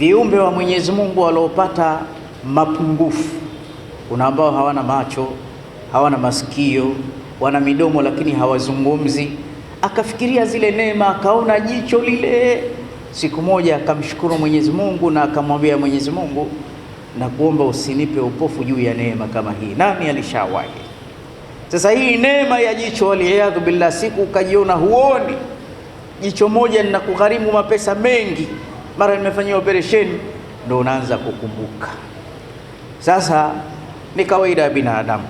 viumbe wa Mwenyezi Mungu waliopata mapungufu, kuna ambao hawana macho, hawana masikio, wana midomo lakini hawazungumzi. Akafikiria zile neema, akaona jicho lile. Siku moja akamshukuru Mwenyezi Mungu na akamwambia Mwenyezi Mungu, na kuomba usinipe upofu juu ya neema kama hii. Nani alishawahi? Sasa hii neema ya jicho, waliyadhu billah, siku ukajiona huoni, jicho moja linakugharimu mapesa mengi mara nimefanyia operesheni, ndo unaanza kukumbuka. Sasa ni kawaida ya binadamu,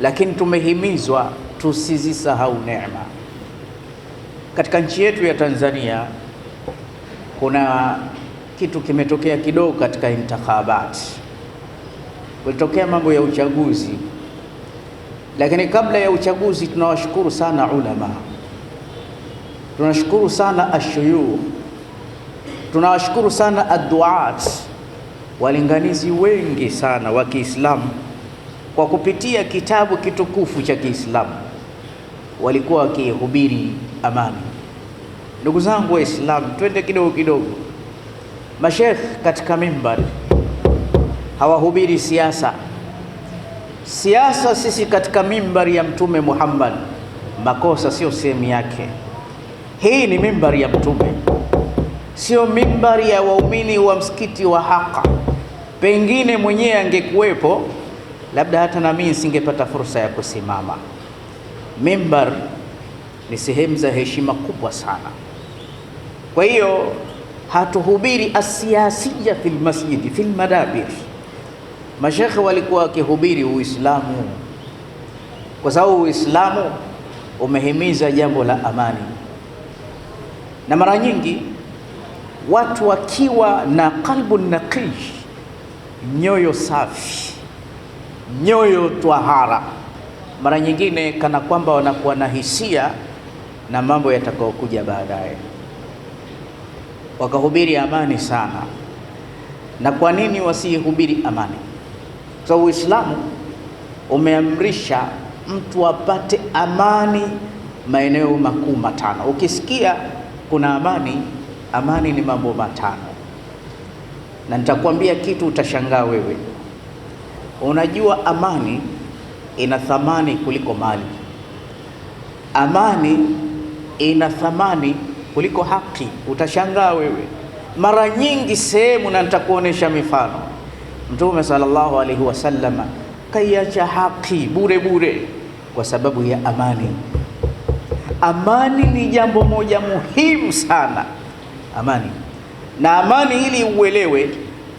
lakini tumehimizwa tusizisahau neema. Katika nchi yetu ya Tanzania kuna kitu kimetokea kidogo katika intikhabati kulitokea mambo ya uchaguzi, lakini kabla ya uchaguzi tunawashukuru sana ulama, tunashukuru sana ashuyukh Tunawashukuru sana adduat walinganizi wengi sana wa Kiislamu kwa kupitia kitabu kitukufu cha Kiislamu walikuwa wakihubiri amani. Ndugu zangu Waislamu, twende kidogo kidogo. Mashekh katika mimbari hawahubiri siasa. Siasa sisi katika mimbari ya Mtume Muhammad, makosa sio sehemu yake. Hii ni mimbari ya Mtume sio mimbari ya waumini wa msikiti wa Haqa. Pengine mwenyewe angekuwepo, labda hata na mimi singepata fursa ya kusimama. Mimbar ni sehemu za heshima kubwa sana. Kwa hiyo hatuhubiri asiasia fil masjidi fil madabir. Mashekhe walikuwa wakihubiri Uislamu kwa sababu Uislamu umehimiza jambo la amani, na mara nyingi watu wakiwa na qalbu naqi, nyoyo safi, nyoyo twahara, mara nyingine kana kwamba wanakuwa na hisia na mambo yatakayokuja baadaye, wakahubiri amani sana. Na kwa nini wasihubiri amani? Kwa sababu Uislamu umeamrisha mtu apate amani maeneo makuu matano. Ukisikia kuna amani Amani ni mambo matano, na nitakwambia kitu utashangaa wewe. Unajua amani ina thamani kuliko mali, amani ina thamani kuliko haki. Utashangaa wewe, mara nyingi sehemu, na nitakuonesha mifano. Mtume sallallahu alaihi wasallam kaiacha haki bure bure kwa sababu ya amani. Amani ni jambo moja muhimu sana amani. Na amani ili uelewe,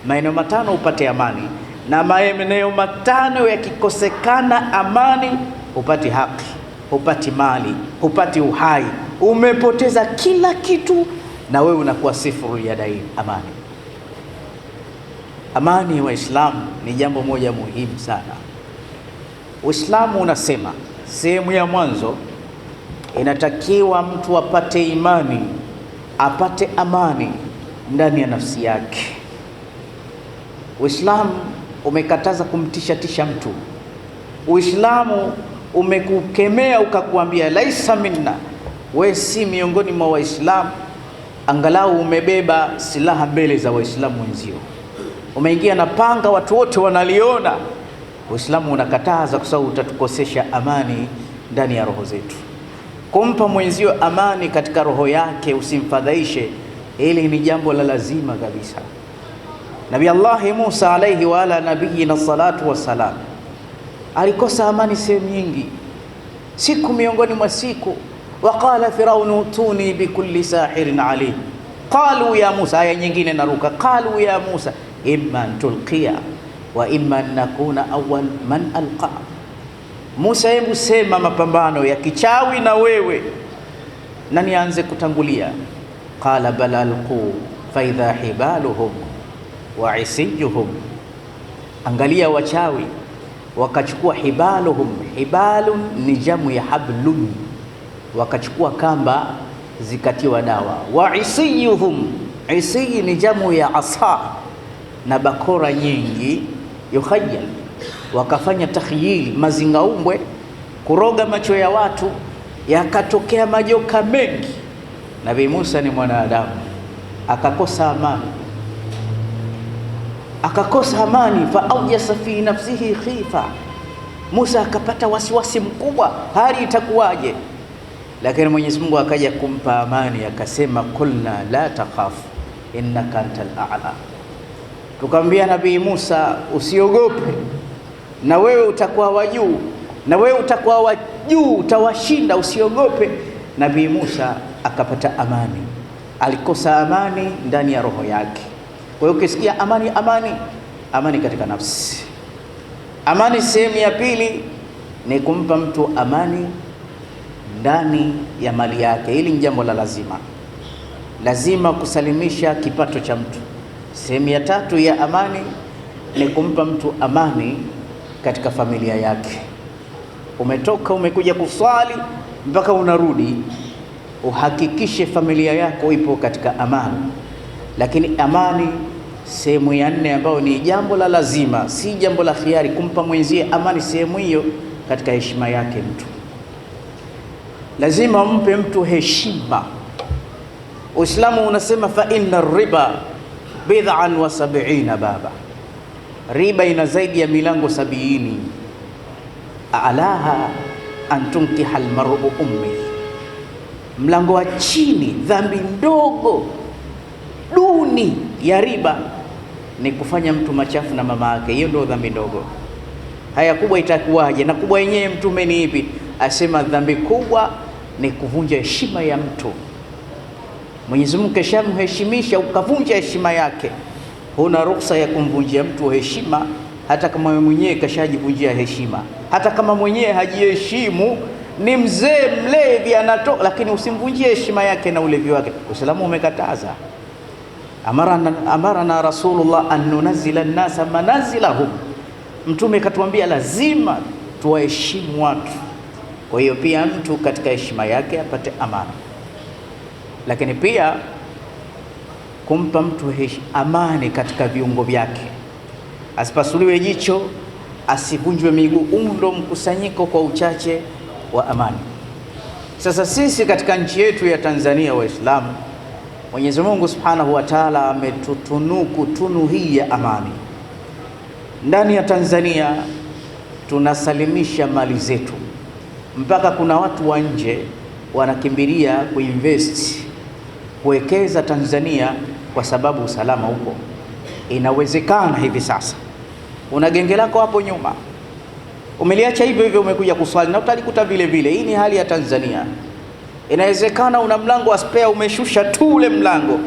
maeneo matano upate amani, na maeneo matano yakikosekana amani, hupati haki, hupati mali, hupati uhai, umepoteza kila kitu, na wewe unakuwa sifuru ya dai amani. Amani Waislamu ni jambo moja muhimu sana. Uislamu unasema sehemu ya mwanzo inatakiwa mtu apate imani apate amani ndani ya nafsi yake. Uislamu umekataza kumtishatisha mtu. Uislamu umekukemea ukakuambia laisa minna, we si miongoni mwa Waislamu. Angalau umebeba silaha mbele za Waislamu wenzio, umeingia na panga, watu wote wanaliona. Uislamu unakataza kwa sababu utatukosesha amani ndani ya roho zetu kumpa mwenzio amani katika roho yake, usimfadhaishe. Hili ni jambo la lazima kabisa. Nabi Allahi Musa alaihi wa ala na salatu wassalam alikosa amani sehemu nyingi, siku miongoni mwa siku. Waqala firaunu tuni bikulli sahirin alim qalu ya Musa, aya nyingine naruka, qalu ya Musa imma tulqiya wa imma nakuna awwal man alqa Musa, hebu sema mapambano ya kichawi na wewe na nianze kutangulia. Qala bal fa faidha hibaluhum wa isijuhum. Angalia wachawi wakachukua hibaluhum, hibalun ni jamu ya hablun, wakachukua kamba zikatiwa dawa. Wa isijuhum, isiji ni jamu ya asa na bakora nyingi yukhayal wakafanya takhyili, mazingaumbwe, kuroga macho ya watu, yakatokea majoka mengi. Nabii Musa ni mwanadamu, akakosa amani, akakosa amani. fa aujasa fi nafsihi khifa, Musa akapata wasiwasi mkubwa, hali itakuwaje? Lakini Mwenyezi Mungu akaja kumpa amani, akasema kulna la takhafu innaka antal a'la, tukamwambia Nabii Musa usiogope na wewe utakuwa wa juu, na wewe utakuwa wa juu, utawashinda, usiogope. Nabii Musa akapata amani, alikosa amani ndani ya roho yake. Kwa hiyo ukisikia amani, amani, amani katika nafsi. Amani sehemu ya pili ni kumpa mtu amani ndani ya mali yake. Hili ni jambo la lazima, lazima kusalimisha kipato cha mtu. Sehemu ya tatu ya amani ni kumpa mtu amani katika familia yake. Umetoka umekuja kuswali mpaka unarudi, uhakikishe familia yako ipo katika amani. Lakini amani sehemu ya nne, ambayo ni jambo la lazima, si jambo la khiari, kumpa mwenzie amani sehemu hiyo katika heshima yake. Mtu lazima mpe mtu heshima. Uislamu unasema fa inna riba bid'an wa sab'ina baba riba ina zaidi ya milango sabiini. Alaha an almaru ummi, mlango wa chini, dhambi ndogo duni ya riba ni kufanya mtu machafu na mama yake. Hiyo ndio dhambi ndogo. Haya, kubwa itakuwaje? Na kubwa yenyewe mtume ni ipi? Asema dhambi kubwa ni kuvunja heshima ya mtu. Mwenyezi Mungu keshamheshimisha, ukavunja heshima yake huna ruksa ya kumvunjia mtu heshima, hata kama wewe mwenyewe kashajivunjia heshima, hata kama mwenyewe hajiheshimu, ni mzee mlevi anato, lakini usimvunjie heshima yake na ulevi wake. Uislamu umekataza. Amarana, amarana Rasulullah an nnasa manazilahum, Mtume katuambia lazima tuwaheshimu watu. Kwa hiyo pia mtu katika heshima yake apate amana, lakini pia kumpa mtu heshi, amani katika viungo vyake, asipasuliwe jicho, asivunjwe miguu. umlo mkusanyiko kwa uchache wa amani. Sasa sisi katika nchi yetu ya Tanzania, Waislamu, Mwenyezi Mungu Subhanahu wa Ta'ala ametutunuku tunu hii ya amani. Ndani ya Tanzania tunasalimisha mali zetu, mpaka kuna watu wa nje wanakimbilia kuinvest kuwekeza Tanzania kwa sababu usalama upo. Inawezekana hivi sasa una genge lako hapo nyuma umeliacha hivyo hivyo, umekuja kuswali na utalikuta vile vile. Hii ni hali ya Tanzania. Inawezekana una mlango wa spare, umeshusha tu ule mlango,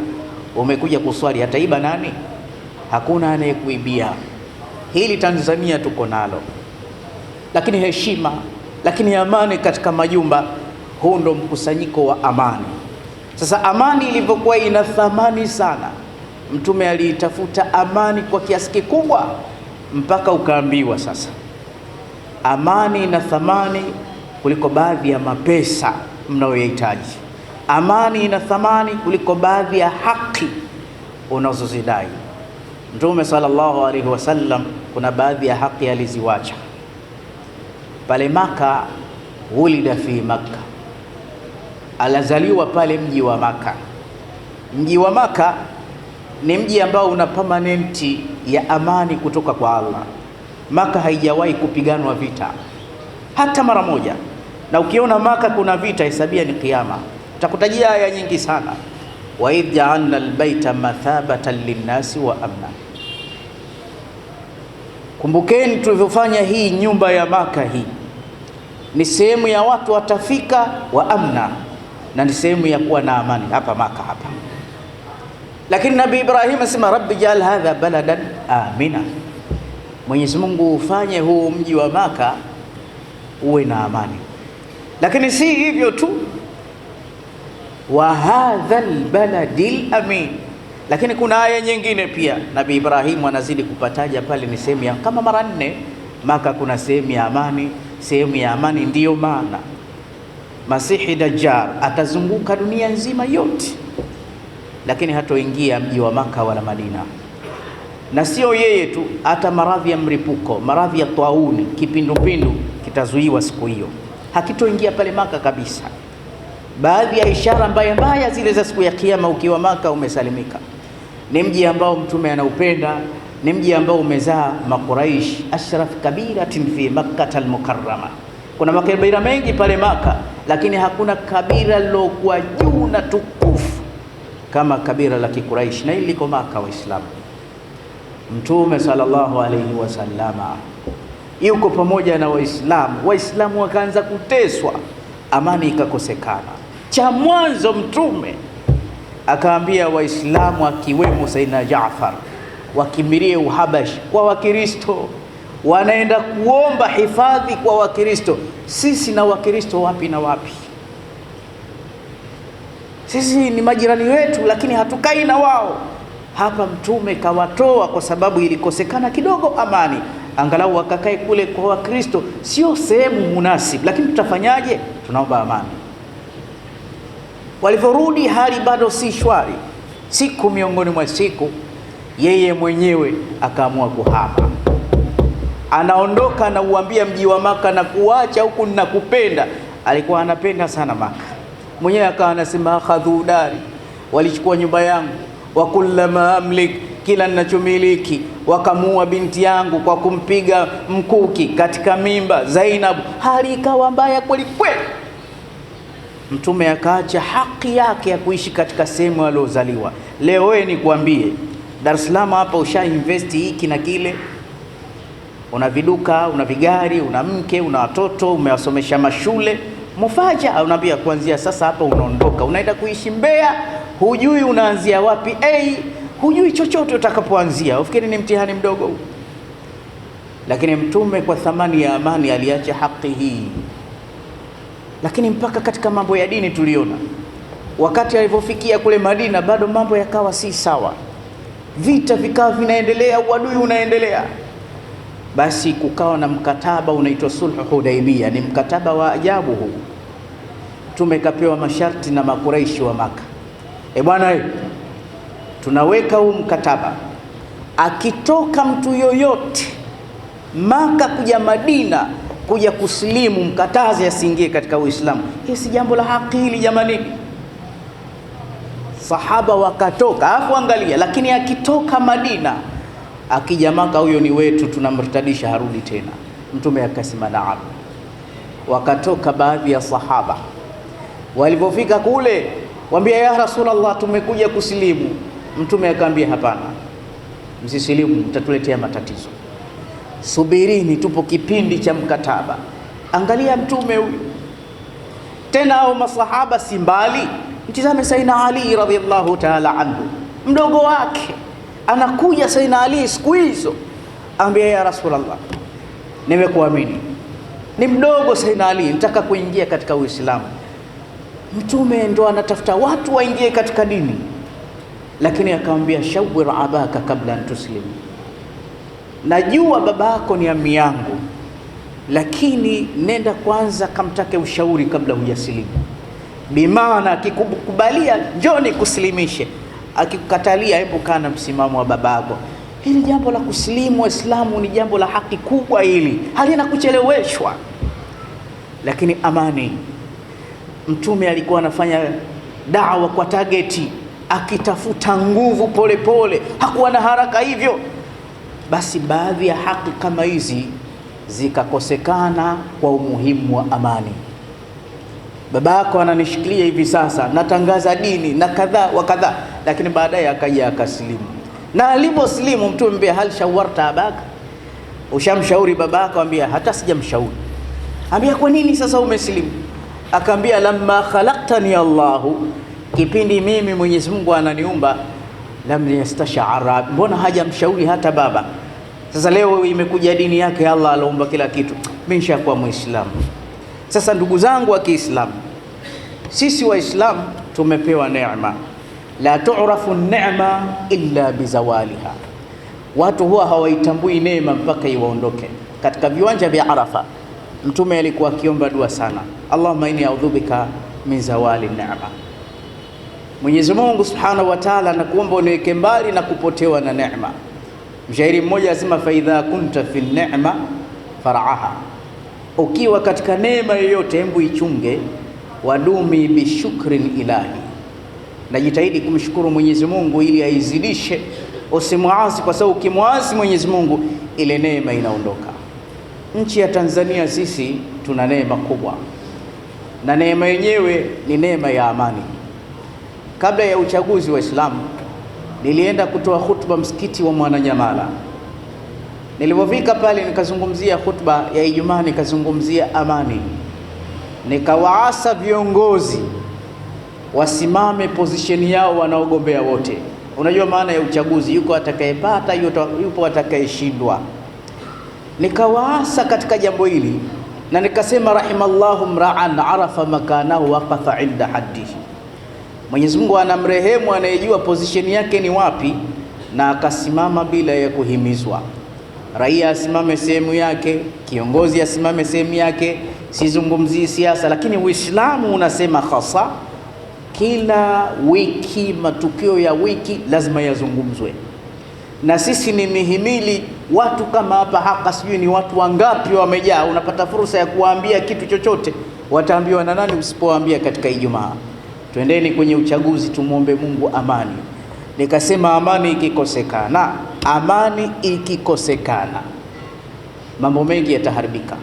umekuja kuswali. Ataiba nani? Hakuna anayekuibia. Hili Tanzania tuko nalo, lakini heshima, lakini amani katika majumba. Huu ndo mkusanyiko wa amani. Sasa amani ilivyokuwa ina thamani sana, Mtume aliitafuta amani kwa kiasi kikubwa mpaka ukaambiwa sasa amani ina thamani kuliko baadhi ya mapesa mnayoyahitaji. Amani ina thamani kuliko baadhi ya haki unazozidai. Mtume sallallahu alaihi wasallam, kuna baadhi ya haki aliziwacha pale Maka. wulida fi Makka Alazaliwa pale mji wa Maka. Mji wa Maka ni mji ambao una permanenti ya amani kutoka kwa Allah. Maka haijawahi kupiganwa vita hata mara moja, na ukiona Maka kuna vita hesabia ni kiama. Utakutajia aya nyingi sana, wa idh jaalna albaita mathabatan linnasi wa amna. Kumbukeni tulivyofanya hii nyumba ya Maka, hii ni sehemu ya watu watafika wa amna na ni sehemu ya kuwa na amani hapa Maka hapa. Lakini Nabii Ibrahim asema rabbi jal hadha baladan amina, Mwenyezi Mungu ufanye huu mji wa Maka uwe na amani. Lakini si hivyo tu, wa hadha albaladil amin. Lakini kuna aya nyingine pia Nabii Ibrahimu anazidi kupataja pale, ni sehemu ya kama mara nne. Maka kuna sehemu ya amani, sehemu ya amani ndiyo maana Masihi Dajjal atazunguka dunia nzima yote, lakini hatoingia mji wa Maka wala Madina. Na sio yeye tu, hata maradhi ya mripuko, maradhi ya tauni, kipindupindu kitazuiwa siku hiyo, hakitoingia pale Maka kabisa. Baadhi ya ishara mbaya mbaya zile za siku ya Kiyama, ukiwa Maka umesalimika. Ni mji ambao Mtume anaupenda, ni mji ambao umezaa Makuraish ashraf kabiratin fi Makkah almukarrama kuna makabila mengi pale Maka, lakini hakuna kabila lilokuwa juu na tukufu kama kabila la Kikuraishi, na hili liko Maka. Waislamu, Mtume sallallahu alaihi wasallama yuko pamoja na Waislamu, Waislamu wakaanza kuteswa, amani ikakosekana. Cha mwanzo Mtume akaambia Waislamu akiwemo Saidina Jaafar wakimbilie Uhabashi kwa Wakristo wanaenda kuomba hifadhi kwa Wakristo. Sisi na Wakristo wapi na wapi? Sisi ni majirani wetu, lakini hatukai na wao. Hapa Mtume kawatoa kwa sababu ilikosekana kidogo amani, angalau wakakae kule kwa Wakristo. Sio sehemu munasibu, lakini tutafanyaje? Tunaomba amani. Walivyorudi hali bado si shwari. Siku miongoni mwa siku, yeye mwenyewe akaamua kuhama anaondoka anauambia mji wa Maka na kuacha huku nakupenda. Alikuwa anapenda sana Maka, mwenyewe akawa anasema akhadhu dari, walichukua nyumba yangu, wa kullama amlik, kila ninachomiliki, wakamua binti yangu kwa kumpiga mkuki katika mimba Zainabu, hali ikawa mbaya kweli kweli. Mtume akaacha haki yake ya kuishi katika sehemu aliozaliwa Leo wewe nikwambie, Dar es Salaam hapa usha investi hiki na kile una viduka, una vigari, una mke, una watoto, umewasomesha mashule mufaja, unaambia kuanzia sasa hapa unaondoka, unaenda kuishi Mbeya, hujui unaanzia wapi hey, hujui chochote utakapoanzia, ufikiri ni mtihani mdogo. Lakini Mtume kwa thamani ya amani aliacha haki hii. Lakini mpaka katika mambo ya dini tuliona wakati alivyofikia kule Madina, bado mambo yakawa si sawa, vita vikawa vinaendelea, uadui unaendelea basi kukawa na mkataba unaitwa sulhu Hudaibia. Ni mkataba wa ajabu huu, tumekapewa masharti na makuraishi wa Maka. E bwana, tunaweka huu mkataba, akitoka mtu yoyote Maka kuja Madina kuja kusilimu, mkatazi asiingie katika Uislamu. Hii si jambo la haki hili jamani. Sahaba wakatoka, afu angalia, lakini akitoka Madina akija Maka huyo ni wetu, tunamrtadisha harudi tena. Mtume akasema naam. Wakatoka baadhi ya sahaba, walipofika kule wambia ya Rasulullah, tumekuja kusilimu. Mtume akaambia hapana, msisilimu, mtatuletea matatizo. Subirini, tupo kipindi cha mkataba. Angalia mtume huyu tena, hao masahaba si mbali. Mtizame saina Ali radhiallahu ta'ala anhu, mdogo wake Anakuja Saidina Ali siku hizo, ambia ya Rasulullah, nimekuamini. Ni mdogo Saidina Ali, nitaka kuingia katika Uislamu. Mtume ndo anatafuta watu waingie katika dini, lakini akamwambia shawir abaka kabla antuslim, najua baba yako ni ami yangu, lakini nenda kwanza kamtake ushauri kabla hujasilimu. Bimaana akikukubalia njoni kusilimishe akikukatalia, hebu na msimamo wa babako. Hili jambo la kusilimu Waislamu ni jambo la haki kubwa, hili halina kucheleweshwa. Lakini amani, Mtume alikuwa anafanya dawa kwa tageti, akitafuta nguvu polepole, hakuwa na haraka hivyo. Basi baadhi ya haki kama hizi zikakosekana kwa umuhimu wa amani baba yako ananishikilia hivi sasa, natangaza dini na kadhaa wa kadhaa, lakini baadaye akaja akasilimu. Na aliposilimu Mtume mbia hal shawarta abaka, ushamshauri baba yako? Ambia hata sijamshauri. Ambia kwa nini sasa umesilimu? Akaambia lamma khalaqtani Allahu, kipindi mimi Mwenyezi Mungu ananiumba, lam yastashara, mbona hajamshauri hata baba. Sasa leo imekuja dini yake Allah, alaumba kila kitu, mimi nishakuwa Muislamu. Sasa ndugu zangu wa Kiislamu, sisi Waislamu tumepewa neema, la tu'rafu neema illa bizawaliha, watu huwa hawaitambui neema mpaka iwaondoke. Katika viwanja vya Arafa Mtume alikuwa akiomba dua sana, Allahumma inni a'udhubika min zawali neema. Mwenyezi Mungu Subhanahu wa Ta'ala, nakuomba uniweke mbali na kupotewa na neema. Mshairi mmoja asema, faidha kunta fi neema faraha, ukiwa katika neema yoyote, hebu ichunge wadumi bishukrin ilahi, najitahidi kumshukuru Mwenyezi Mungu ili aizidishe, usimwasi kwa sababu ukimwasi Mwenyezi Mungu ile neema inaondoka. Nchi ya Tanzania sisi tuna neema kubwa, na neema yenyewe ni neema ya amani. Kabla ya uchaguzi wa Islamu nilienda kutoa hutuba msikiti wa Mwananyamala. Nilipofika pale nikazungumzia hutuba ya Ijumaa, nikazungumzia amani nikawaasa viongozi wasimame pozisheni yao wanaogombea wote. Unajua maana ya uchaguzi, yuko atakayepata, yupo atakayeshindwa. Nikawaasa katika jambo hili na nikasema, rahimallahu mraan arafa makanahu waqafa inda haddihi, Mwenyezi Mungu anamrehemu anayejua pozisheni yake ni wapi na akasimama bila ya kuhimizwa. Raia asimame sehemu yake, kiongozi asimame sehemu yake sizungumzii siasa, lakini Uislamu unasema hasa kila wiki, matukio ya wiki lazima yazungumzwe, na sisi ni mihimili. Watu kama hapa haka, sijui ni watu wangapi wamejaa, unapata fursa ya kuwaambia kitu chochote, wataambiwa na nani usipowaambia katika Ijumaa? Twendeni kwenye uchaguzi, tumwombe Mungu amani. Nikasema amani ikikosekana, amani ikikosekana, mambo mengi yataharibika.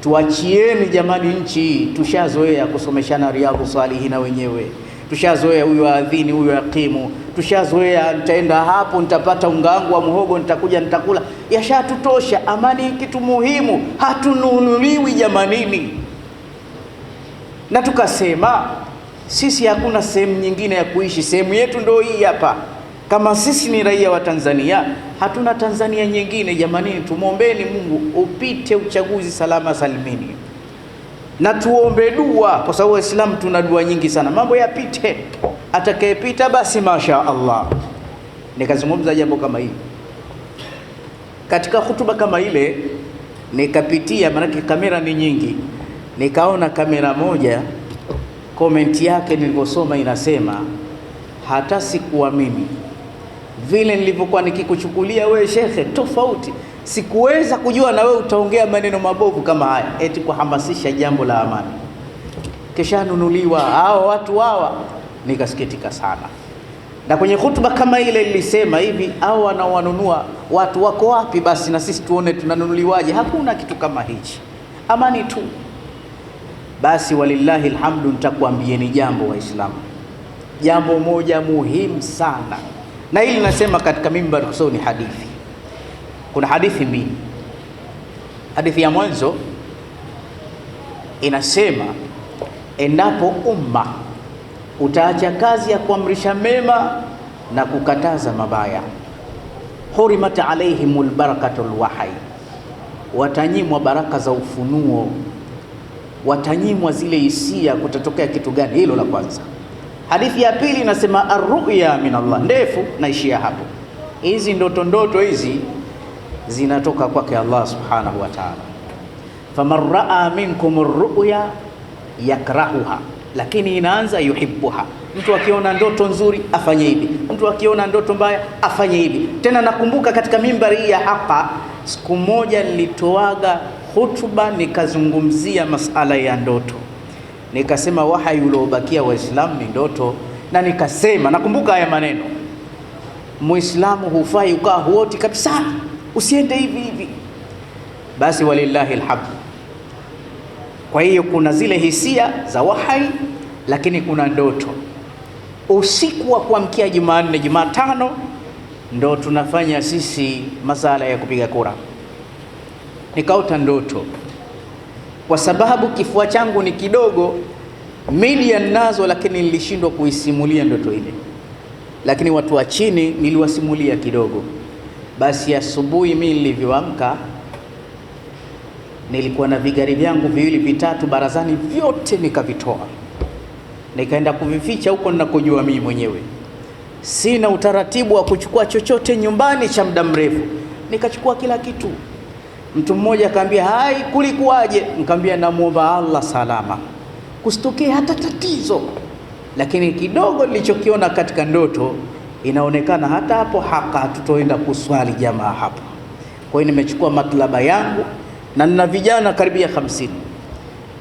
Tuachieni jamani, nchi hii tushazoea kusomeshana Riyadhu Salihina wenyewe, tushazoea huyu adhini, huyu akimu, tushazoea nitaenda hapo nitapata ungangu wa muhogo, nitakuja nitakula. Yashatutosha. Amani kitu muhimu, hatununuliwi jamanini. Na tukasema sisi hakuna sehemu nyingine ya kuishi, sehemu yetu ndio hii hapa. Kama sisi ni raia wa Tanzania, hatuna Tanzania nyingine. Jamanini, tumwombeni Mungu upite uchaguzi salama salimini, na tuombe dua, kwa sababu Waislamu tuna dua nyingi sana. Mambo yapite, atakayepita basi masha Allah. Nikazungumza jambo kama hili katika hutuba kama ile, nikapitia, maanake kamera ni nyingi, nikaona kamera moja komenti yake nilivyosoma inasema hata sikuamini mimi vile nilivyokuwa nikikuchukulia wewe shekhe, tofauti. Sikuweza kujua na wewe utaongea maneno mabovu kama haya, eti kuhamasisha jambo la amani. Kisha nunuliwa hawa watu hawa, nikasikitika sana. Na kwenye hutuba kama ile nilisema hivi, hao wanaowanunua watu wako wapi? Basi na sisi tuone tunanunuliwaje. Hakuna kitu kama hichi, amani tu. Basi walillahi alhamdu, nitakwambieni jambo Waislamu, jambo moja muhimu sana na hili nasema katika mimbar kwa sababu ni hadithi. Kuna hadithi mbili. Hadithi ya mwanzo inasema, endapo umma utaacha kazi ya kuamrisha mema na kukataza mabaya, hurimat alaihimul barakatul wahai, watanyimwa baraka za ufunuo, watanyimwa zile hisia. Kutatokea kitu gani? Hilo la kwanza. Hadithi ya pili inasema arruya min Allah, ndefu naishia hapo. Hizi ndoto ndoto hizi zinatoka kwake Allah subhanahu wa ta'ala. Faman raa minkum arruya yakrahuha, lakini inaanza yuhibbuha. Mtu akiona ndoto nzuri afanye hivi, mtu akiona ndoto mbaya afanye hivi. Tena nakumbuka katika mimbari hii ya hapa, siku moja nilitoaga hutuba nikazungumzia masala ya ndoto nikasema wahai uliobakia Waislamu ni ndoto, na nikasema, nakumbuka haya maneno, Muislamu hufai ukaa huoti kabisa, usiende hivi hivi. Basi walillahi alhamd. Kwa hiyo kuna zile hisia za wahai, lakini kuna ndoto. Usiku wa kuamkia Jumanne, Jumatano ndo tunafanya sisi masala ya kupiga kura, nikaota ndoto kwa sababu kifua changu ni kidogo, million nazo, lakini nilishindwa kuisimulia ndoto ile, lakini watu wa chini niliwasimulia kidogo. Basi asubuhi mimi nilivyoamka, nilikuwa na vigari vyangu viwili vitatu barazani, vyote nikavitoa, nikaenda kuvificha huko ninakojua mimi mwenyewe. Sina utaratibu wa kuchukua chochote nyumbani cha muda mrefu, nikachukua kila kitu. Mtu mmoja akaambia, hai, kulikuwaje? Nikamwambia, namwomba Allah salama, kusitokee hata tatizo. Lakini kidogo nilichokiona katika ndoto, inaonekana hata hapo haka hatutoenda kuswali jamaa hapo. Kwa hiyo nimechukua matlaba yangu na nina vijana karibia hamsini,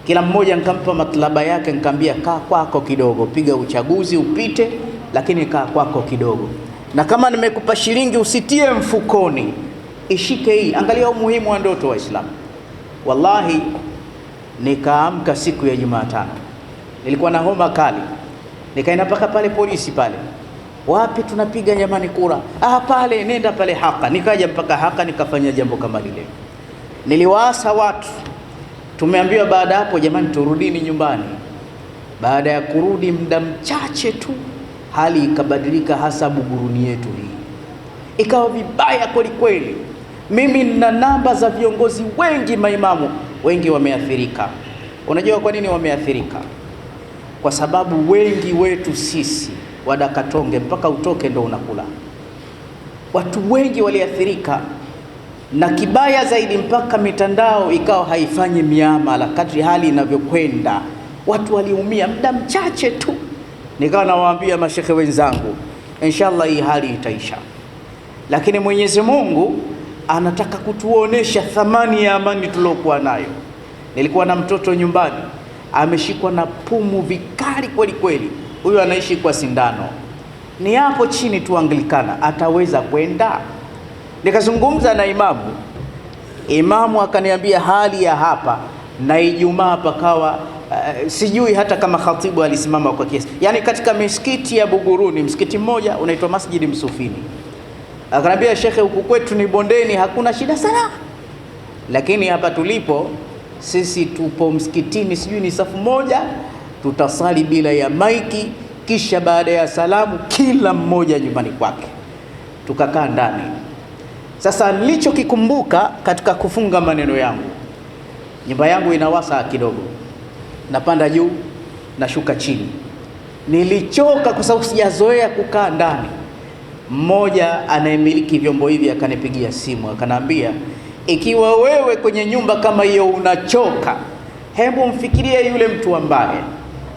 kila mmoja nikampa matlaba yake, nikamwambia, kaa kwako kidogo, piga uchaguzi upite, lakini kaa kwako kidogo, na kama nimekupa shilingi usitie mfukoni ishike hii. Angalia umuhimu wa ndoto, Waislamu. Wallahi, nikaamka siku ya Jumatano, nilikuwa na homa kali, nikaenda mpaka pale polisi pale, wapi tunapiga jamani kura? Ah, pale nenda pale haka. Nikaja mpaka haka nikafanya jambo kama lile, niliwaasa watu. Tumeambiwa baada hapo, jamani, turudini nyumbani. Baada ya kurudi muda mchache tu hali ikabadilika, hasa Buguruni yetu hii ikawa vibaya kwelikweli. Mimi nina namba za viongozi wengi, maimamu wengi wameathirika. Unajua kwa nini wameathirika? Kwa sababu wengi wetu sisi wadakatonge, mpaka utoke ndo unakula. Watu wengi waliathirika, na kibaya zaidi, mpaka mitandao ikawa haifanyi miamala kadri hali inavyokwenda. Watu waliumia muda mchache tu. Nikawa nawaambia mashehe wenzangu, inshallah hii hali itaisha, lakini Mwenyezi Mungu anataka kutuonesha thamani ya amani tuliokuwa nayo. Nilikuwa na mtoto nyumbani ameshikwa na pumu vikali kweli kweli, huyo anaishi kwa sindano, ni hapo chini tu Anglikana, ataweza kwenda? Nikazungumza na imamu, imamu akaniambia hali ya hapa na Ijumaa pakawa uh, sijui hata kama khatibu alisimama kwa kiasi, yaani katika misikiti ya Buguruni msikiti mmoja unaitwa Masjidi Msufini Akanambia, shekhe, huku kwetu ni bondeni, hakuna shida sana, lakini hapa tulipo sisi tupo msikitini, sijui ni safu moja, tutasali bila ya maiki, kisha baada ya salamu kila mmoja nyumbani kwake. Tukakaa ndani. Sasa nilichokikumbuka katika kufunga maneno yangu, nyumba yangu inawasa kidogo, napanda juu, nashuka chini. Nilichoka kwa sababu sijazoea kukaa ndani mmoja anayemiliki vyombo hivi akanipigia simu akanaambia, ikiwa wewe kwenye nyumba kama hiyo unachoka, hebu mfikirie yule mtu ambaye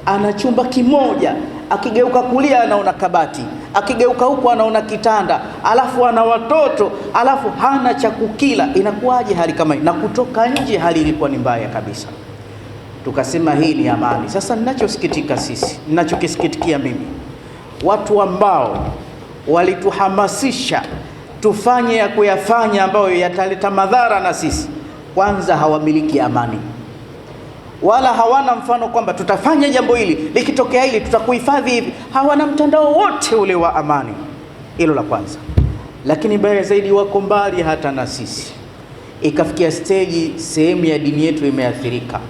ana chumba kimoja, akigeuka kulia anaona kabati, akigeuka huku anaona kitanda, alafu ana watoto, alafu hana cha kukila. Inakuwaje hali kama hii? Na kutoka nje hali ilikuwa ni mbaya kabisa. Tukasema hii ni amani. Sasa ninachosikitika sisi, ninachokisikitikia mimi, watu ambao walituhamasisha tufanye ya kuyafanya ambayo yataleta madhara na sisi. Kwanza hawamiliki amani wala hawana mfano kwamba tutafanya jambo hili, likitokea hili tutakuhifadhi hivi. Hawana mtandao wote ule wa amani, hilo la kwanza. Lakini mbaya zaidi, wako mbali hata na sisi, ikafikia steji sehemu ya dini yetu imeathirika.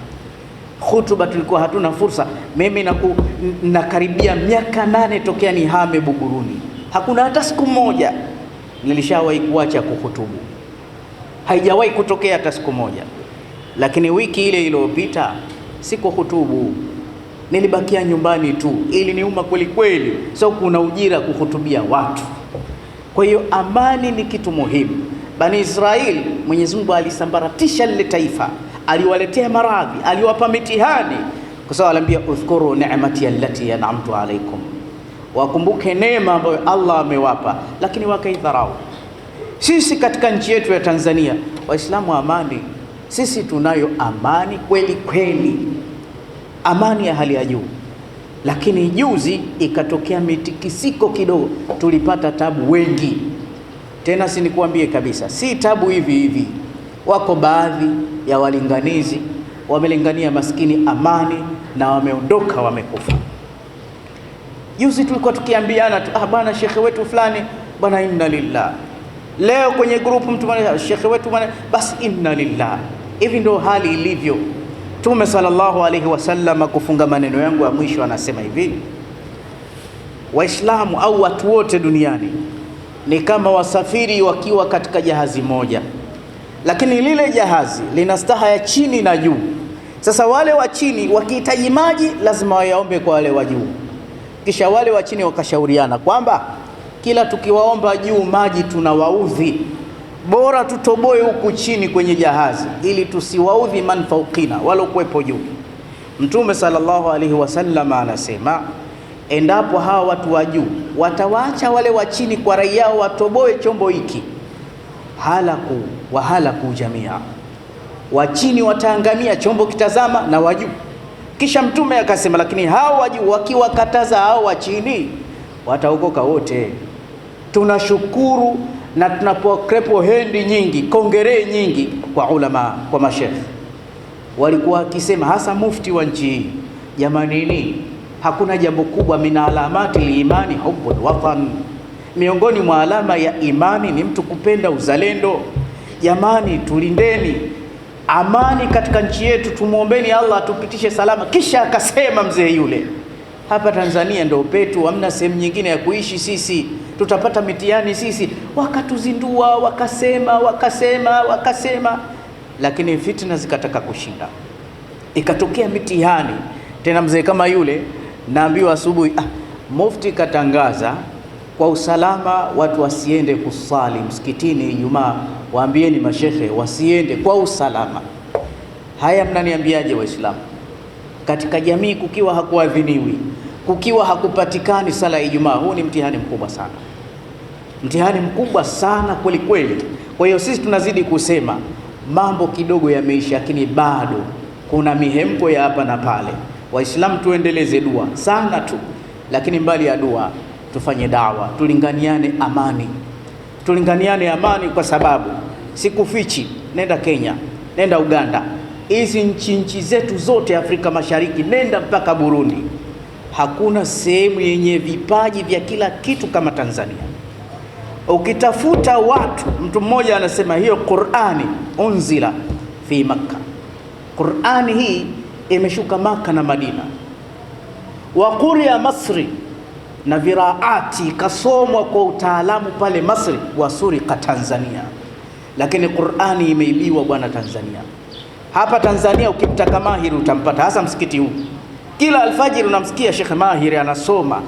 Hutuba tulikuwa hatuna fursa. Mimi naku, nakaribia miaka nane tokea nihame Buguruni hakuna hata siku moja nilishawahi kuacha kuhutubu, haijawahi kutokea hata siku moja. Lakini wiki ile iliyopita sikuhutubu, nilibakia nyumbani tu. Ili niuma kweli kweli, so kuna ujira kuhutubia watu. Kwa hiyo amani ni kitu muhimu. Bani Israeli, Mwenyezi Mungu alisambaratisha lile taifa, aliwaletea maradhi, aliwapa mitihani, kwa sababu aliambia udhkuru ni'mati allati an'amtu alaykum wakumbuke neema ambayo Allah amewapa, lakini wakaidharau. Sisi katika nchi yetu ya Tanzania, Waislamu wa amani, sisi tunayo amani kweli kweli, amani ya hali ya juu. Lakini juzi ikatokea mitikisiko kidogo, tulipata tabu wengi. Tena si nikuambie kabisa, si tabu hivi hivi. Wako baadhi ya walinganizi wamelingania maskini amani na wameondoka, wamekufa. Juzi tulikuwa tukiambiana tu, ah bwana, shekhe wetu fulani bwana, inna lillah. Leo kwenye grupu mtu mmoja, shekhe wetu bwana, basi inna lillah. Hivi ndio hali ilivyo. Mtume sallallahu alaihi wasallam, kufunga maneno yangu ya mwisho, anasema hivi, Waislamu au watu wote duniani ni kama wasafiri wakiwa katika jahazi moja, lakini lile jahazi lina staha ya chini na juu. Sasa wale wa chini wakihitaji maji lazima wayaombe kwa wale wa juu kisha wale wa chini wakashauriana kwamba kila tukiwaomba juu maji tunawaudhi, bora tutoboe huku chini kwenye jahazi ili tusiwaudhi man faukina, walokuwepo juu. Mtume sallallahu alaihi wasallam anasema endapo hawa watu wa juu watawaacha wale wa chini kwa rai yao, watoboe chombo hiki, halaku halaku jamia, wa chini wataangamia, chombo kitazama na wajuu kisha Mtume akasema, lakini hao waji wakiwakataza hao wa chini wataokoka wote. Tunashukuru na tunapokrepo hendi nyingi, kongere nyingi kwa ulama, kwa mashekhe walikuwa wakisema, hasa mufti wa nchi hii, jamanini, hakuna jambo kubwa mina alamati liimani hubbul watan, miongoni mwa alama ya imani ni mtu kupenda uzalendo. Jamani, tulindeni amani katika nchi yetu, tumwombeni Allah atupitishe salama. Kisha akasema mzee yule, hapa Tanzania ndo petu, hamna sehemu nyingine ya kuishi sisi, tutapata mitihani sisi. Wakatuzindua, wakasema, wakasema, wakasema, lakini fitna zikataka kushinda, ikatokea mitihani tena. Mzee kama yule naambiwa asubuhi, ah, mufti katangaza kwa usalama watu wasiende kusali msikitini Ijumaa. Waambieni mashekhe wasiende kwa usalama. Haya mnaniambiaje Waislamu? Katika jamii kukiwa hakuadhiniwi, kukiwa hakupatikani sala ya Ijumaa, huu ni mtihani mkubwa sana, mtihani mkubwa sana kweli kweli. Kwa hiyo sisi tunazidi kusema mambo kidogo yameisha, lakini bado kuna mihemko ya hapa na pale. Waislamu tuendeleze dua sana tu, lakini mbali ya dua tufanye dawa, tulinganiane amani, tulinganiane amani, kwa sababu sikufichi, nenda Kenya, nenda Uganda, hizi nchi nchi zetu zote Afrika Mashariki, nenda mpaka Burundi, hakuna sehemu yenye vipaji vya kila kitu kama Tanzania. Ukitafuta watu, mtu mmoja anasema hiyo Qur'ani unzila fi Makka, Qur'ani hii imeshuka Maka na Madina, wa quria Masri na viraati ikasomwa kwa utaalamu pale Masri, wasurika Tanzania. Lakini Qur'ani imeibiwa bwana Tanzania. Hapa Tanzania ukimtaka mahiri utampata, hasa msikiti huu. Kila alfajiri unamsikia Sheikh Mahiri anasoma,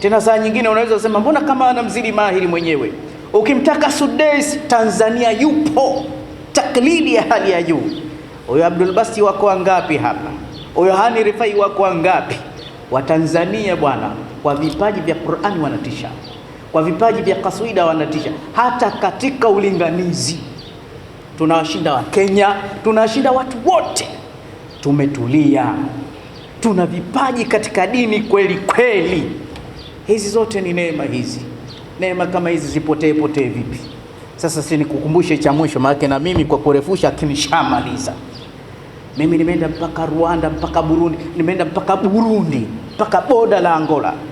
tena saa nyingine unaweza kusema mbona kama anamzidi Mahiri mwenyewe. Ukimtaka Sudais Tanzania yupo, taklidi ya hali ya juu. Huyo Abdul Basti wako wangapi hapa? Huyo Hani Rifai wako wangapi? Watanzania bwana kwa vipaji vya Qur'ani wanatisha, kwa vipaji vya kaswida wanatisha. Hata katika ulinganizi tunawashinda Kenya, tunawashinda watu wote. Tumetulia, tuna vipaji katika dini kweli kweli. Hizi zote ni neema, hizi neema kama hizi zipotee potee vipi? Sasa si nikukumbushe cha mwisho, maana na mimi kwa kurefusha, lakini shamaliza. Mimi nimeenda mpaka Rwanda mpaka Burundi, nimeenda mpaka Burundi mpaka boda la Angola.